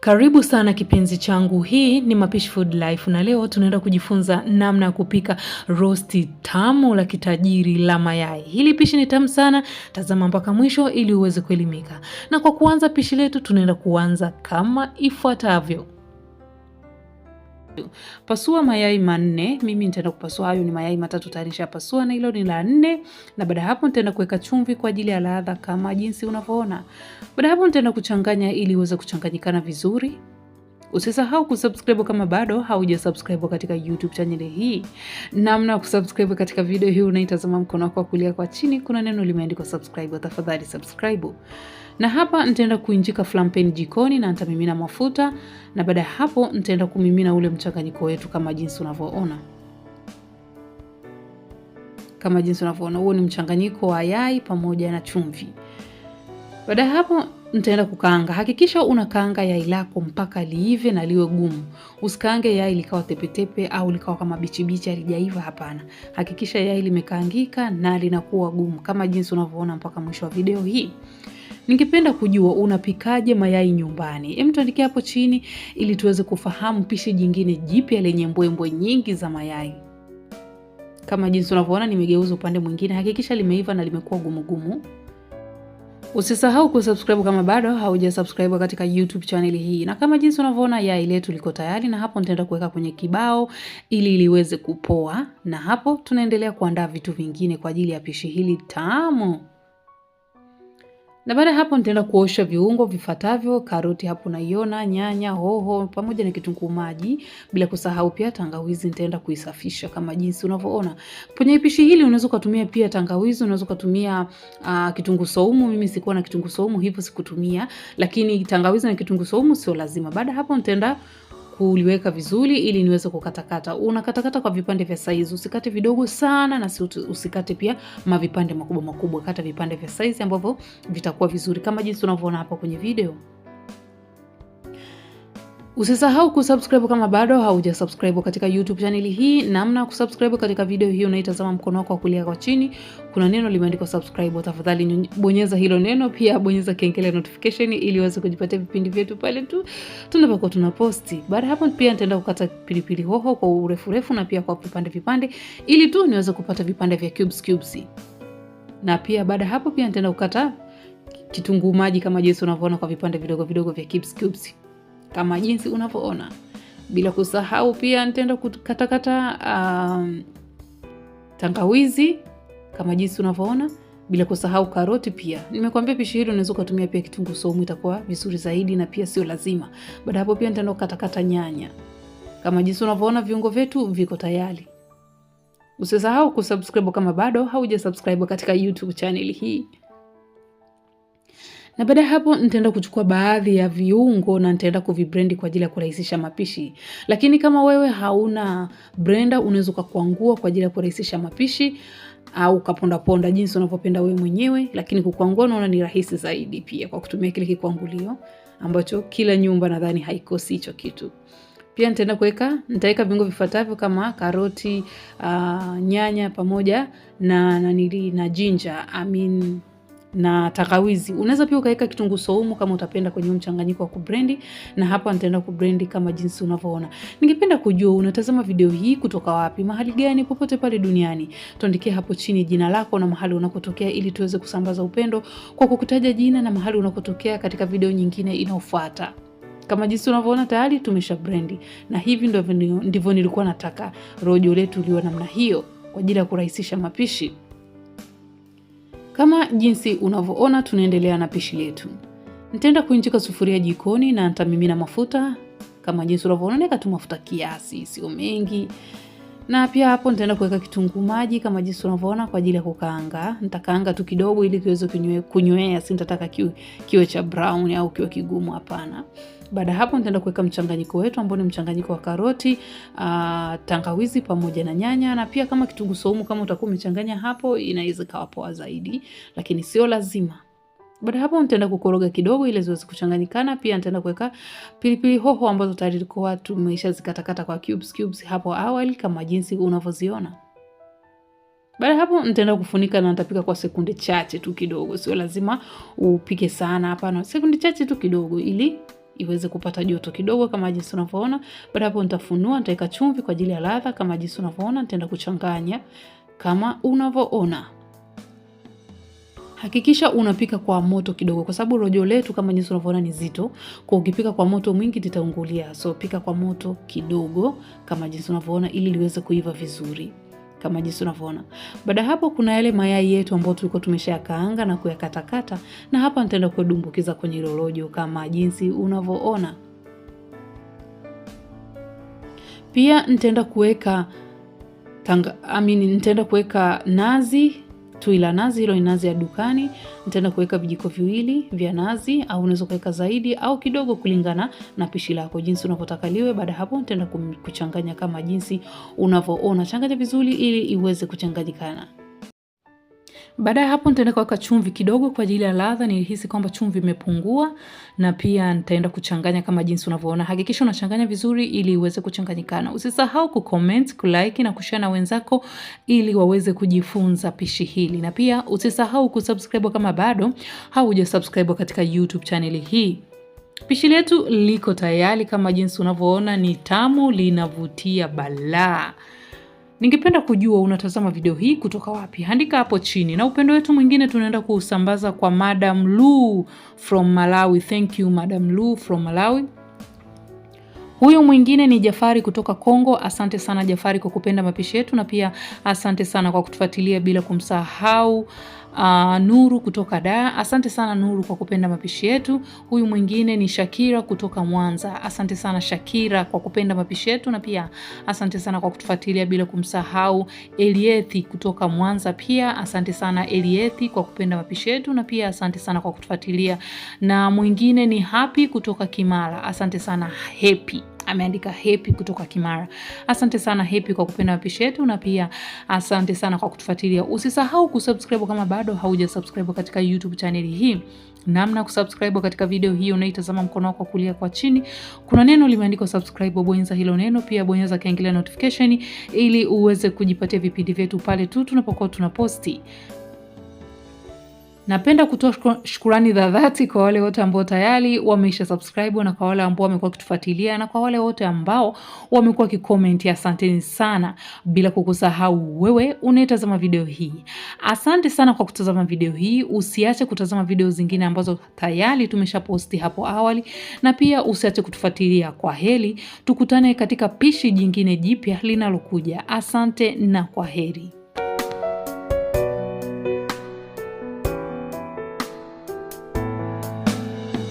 Karibu sana kipenzi changu, hii ni Mapishi Food Life na leo tunaenda kujifunza namna ya kupika rosti tamu la kitajiri la mayai. Hili pishi ni tamu sana, tazama mpaka mwisho ili uweze kuelimika. Na kwa kuanza pishi letu, tunaenda kuanza kama ifuatavyo tatu. Pasua mayai manne. Mimi nitaenda kupasua hayo ni mayai matatu tayari nishapasua na hilo ni la nne, na baada hapo nitaenda kuweka chumvi kwa ajili ya ladha kama jinsi unavyoona. Baada hapo nitaenda kuchanganya ili iweze kuchanganyikana vizuri. Usisahau kusubscribe kama bado haujasubscribe katika YouTube channel hii. Namna ya kusubscribe katika video hii unaitazama mkono wako wa kulia kwa chini, kuna neno limeandikwa subscribe, tafadhali subscribe. Na hapa nitaenda kuinjika flampeni jikoni na nitamimina mafuta, na baada ya hapo nitaenda kumimina ule mchanganyiko wetu kama jinsi unavyoona kama jinsi unavyoona, huo ni mchanganyiko wa yai pamoja na chumvi. Baada ya hapo ntaenda kukaanga. Hakikisha unakaanga yai lako mpaka liive na liwe gumu. Usikaange yai likawa tepetepe au likawa kama bichibichi halijaiva, hapana. Hakikisha yai limekaangika na linakuwa gumu kama jinsi unavyoona mpaka mwisho wa video hii. Ningependa kujua unapikaje mayai nyumbani? Hem, tuandikie hapo chini ili tuweze kufahamu pishi jingine jipya lenye mbwembwe nyingi za mayai. Kama jinsi unavyoona nimegeuza upande mwingine, hakikisha limeiva na limekuwa gumugumu. Usisahau kusubscribe kama bado haujasubscribe katika YouTube channel hii, na kama jinsi unavyoona yai letu liko tayari, na hapo nitaenda kuweka kwenye kibao ili liweze kupoa, na hapo tunaendelea kuandaa vitu vingine kwa ajili ya pishi hili tamu. Na baada ya hapo nitaenda kuosha viungo vifuatavyo: karoti hapo naiona, nyanya, hoho pamoja na kitunguu maji, bila kusahau pia tangawizi nitaenda kuisafisha kama jinsi unavyoona. Kwenye pishi hili unaweza kutumia pia tangawizi, unaweza kutumia uh, ah, kitunguu saumu. Mimi sikuwa na kitunguu saumu hivyo sikutumia, lakini tangawizi na kitunguu saumu sio lazima. Baada hapo nitaenda kuliweka vizuri ili niweze kukatakata. Unakatakata kwa vipande vya saizi, usikate vidogo sana na usikate pia mavipande makubwa makubwa, kata vipande vya saizi ambavyo vitakuwa vizuri kama jinsi unavyoona hapa kwenye video. Usisahau kusubscribe kama bado haujasubscribe katika YouTube channel hii. Namna kusubscribe katika video hii unaitazama mkono wako wa kulia kwa chini, kuna neno limeandikwa subscribe. Tafadhali bonyeza hilo neno, pia bonyeza kengele ya notification ili uweze kujipatia vipindi vyetu pale tu tunapokuwa tunaposti. Baada hapo pia nitaenda kukata pilipili hoho kwa urefu refu na pia kwa vipande vipande ili tu niweze kupata vipande vya cubes cubes. Na pia baada hapo pia nitaenda kukata kitunguu maji kama jinsi unavyoona kwa vipande vidogo vidogo vya cubes cubes kama jinsi unavyoona, bila kusahau pia nitaenda kukatakata um, tangawizi kama jinsi unavyoona, bila kusahau karoti pia. Nimekwambia pishi hili unaweza ukatumia pia kitunguu somu itakuwa vizuri zaidi na pia sio lazima. Baada hapo pia nitaenda kukatakata nyanya kama jinsi unavyoona. Viungo vyetu viko tayari. Usisahau kusubscribe kama bado subscribe katika YouTube channel hii na baada ya hapo nitaenda kuchukua baadhi ya viungo na nitaenda kuvibrendi kwa ajili ya kurahisisha mapishi. Lakini kama wewe hauna blender, unaweza ukakwangua kwa ajili ya kurahisisha mapishi au kapondaponda jinsi unavyopenda wewe mwenyewe, lakini kukwangua naona ni rahisi zaidi, pia kwa kutumia kile kikwangulio ambacho kila nyumba nadhani haikosi hicho kitu. Pia nitaenda kuweka nitaweka viungo vifuatavyo kama karoti, uh, nyanya pamoja na nanili na ginger I mean, na tangawizi. Unaweza pia ukaweka kitunguu saumu kama utapenda kwenye mchanganyiko wa kubrendi, na hapa nitaenda kubrendi kama jinsi unavyoona. Ningependa kujua unatazama video hii kutoka wapi, mahali gani, popote pale duniani. Tuandikie hapo chini jina lako na mahali unakotokea ili tuweze kusambaza upendo kwa kukutaja jina na mahali unakotokea katika video nyingine inayofuata. Kama jinsi unavyoona tayari tumesha brendi, na hivi ndivyo nilikuwa nataka rojo letu liwe namna hiyo kwa ajili ya kurahisisha mapishi. Kama jinsi unavyoona, tunaendelea na pishi letu. Nitaenda kuinjika sufuria jikoni na nitamimina mafuta kama jinsi unavyoona, tu mafuta kiasi, sio mengi na pia hapo nitaenda kuweka kitunguu maji kama jinsi unavyoona kwa ajili ya kukaanga. Nitakaanga tu kidogo ili kiweze kunywea, si nitataka kiwe, kiwe cha brown au kiwe kigumu, hapana. Baada hapo nitaenda kuweka mchanganyiko wetu ambao ni mchanganyiko wa karoti, uh, tangawizi pamoja na nyanya na pia kama kitunguu saumu, kama utakuwa umechanganya hapo, inaweza kawa poa zaidi, lakini sio lazima. Baada hapo nitaenda kukoroga kidogo ili ziweze kuchanganyikana. Pia nitaenda kuweka pilipili hoho ambazo tayari tulikuwa tumeshazikatakata kwa cubes cubes hapo awali kama jinsi unavyoziona. Baada hapo nitaenda kufunika na nitapika kwa sekunde chache tu kidogo. Sio lazima upike sana, hapana. Sekunde chache tu kidogo ili iweze kupata joto kidogo kama jinsi unavyoona. Baada hapo nitafunua, nitaweka chumvi kwa ajili ya ladha kama jinsi unavyoona. Nitaenda kuchanganya kama unavyoona. Hakikisha unapika kwa moto kidogo, kwa sababu rojo letu kama jinsi unavyoona ni zito, kwa ukipika kwa moto mwingi litaungulia. So pika kwa moto kidogo kama jinsi unavyoona, ili liweze kuiva vizuri kama jinsi unavyoona. Baada hapo, kuna yale mayai yetu ambayo tulikuwa tumeshayakaanga na kuyakatakata, na hapa nitaenda kudumbukiza kwenye hilo rojo kama jinsi unavyoona. Pia nitaenda kuweka tanga, I mean, nitaenda kuweka nazi tui la nazi, hilo ni nazi ya dukani. Nitaenda kuweka vijiko viwili vya nazi, au unaweza kuweka zaidi au kidogo, kulingana na pishi lako, jinsi unavyotaka liwe. Baada hapo, nitaenda kuchanganya kama jinsi unavyoona. Changanya vizuri ili iweze kuchanganyikana. Baada ya hapo nitaenda kuweka chumvi kidogo kwa ajili ya ladha. Nilihisi kwamba chumvi imepungua, na pia nitaenda kuchanganya kama jinsi unavyoona. Hakikisha unachanganya vizuri ili iweze kuchanganyikana. Usisahau kucomment, kulike na kushare na wenzako ili waweze kujifunza pishi hili, na pia usisahau kusubscribe kama bado haujasubscribe katika YouTube channel hii. Pishi letu liko tayari, kama jinsi unavyoona ni tamu, linavutia balaa. Ningependa kujua unatazama video hii kutoka wapi? Andika hapo chini, na upendo wetu mwingine tunaenda kuusambaza kwa Madam Lu from Malawi. Thank you Madam Lu from Malawi. Huyu mwingine ni Jafari kutoka Kongo. Asante sana Jafari kwa kupenda mapishi yetu, na pia asante sana kwa kutufuatilia bila kumsahau Uh, Nuru kutoka Dar, asante sana Nuru kwa kupenda mapishi yetu. Huyu mwingine ni Shakira kutoka Mwanza, asante sana Shakira kwa kupenda mapishi yetu, na pia asante sana kwa kutufuatilia, bila kumsahau Eliethi kutoka Mwanza pia asante sana Eliethi kwa kupenda mapishi yetu, na pia asante sana kwa kutufuatilia. Na mwingine ni Happy kutoka Kimara, asante sana Happy ameandika hepi kutoka Kimara. Asante sana hepi kwa kupenda mapishi yetu na pia asante sana kwa kutufuatilia. Usisahau kusubscribe kama bado haujasubscribe katika YouTube channel hii. Namna kusubscribe katika video hii unaitazama mkono wako wa kulia kwa chini. Kuna neno limeandikwa subscribe, bonyeza hilo neno, pia bonyeza kengele notification ili uweze kujipatia vipindi vyetu pale tu tunapokuwa tuna posti Napenda kutoa shukurani za dhati kwa wale wote ambao tayari wameisha subscribe na kwa wale ambao wamekuwa wakitufuatilia na kwa wale wote ambao wamekuwa wakikomenti. Asanteni sana, bila kukusahau wewe unayetazama video hii. Asante sana kwa kutazama video hii. Usiache kutazama video zingine ambazo tayari tumesha posti hapo awali, na pia usiache kutufuatilia. Kwa heri, tukutane katika pishi jingine jipya linalokuja. Asante na kwa heri.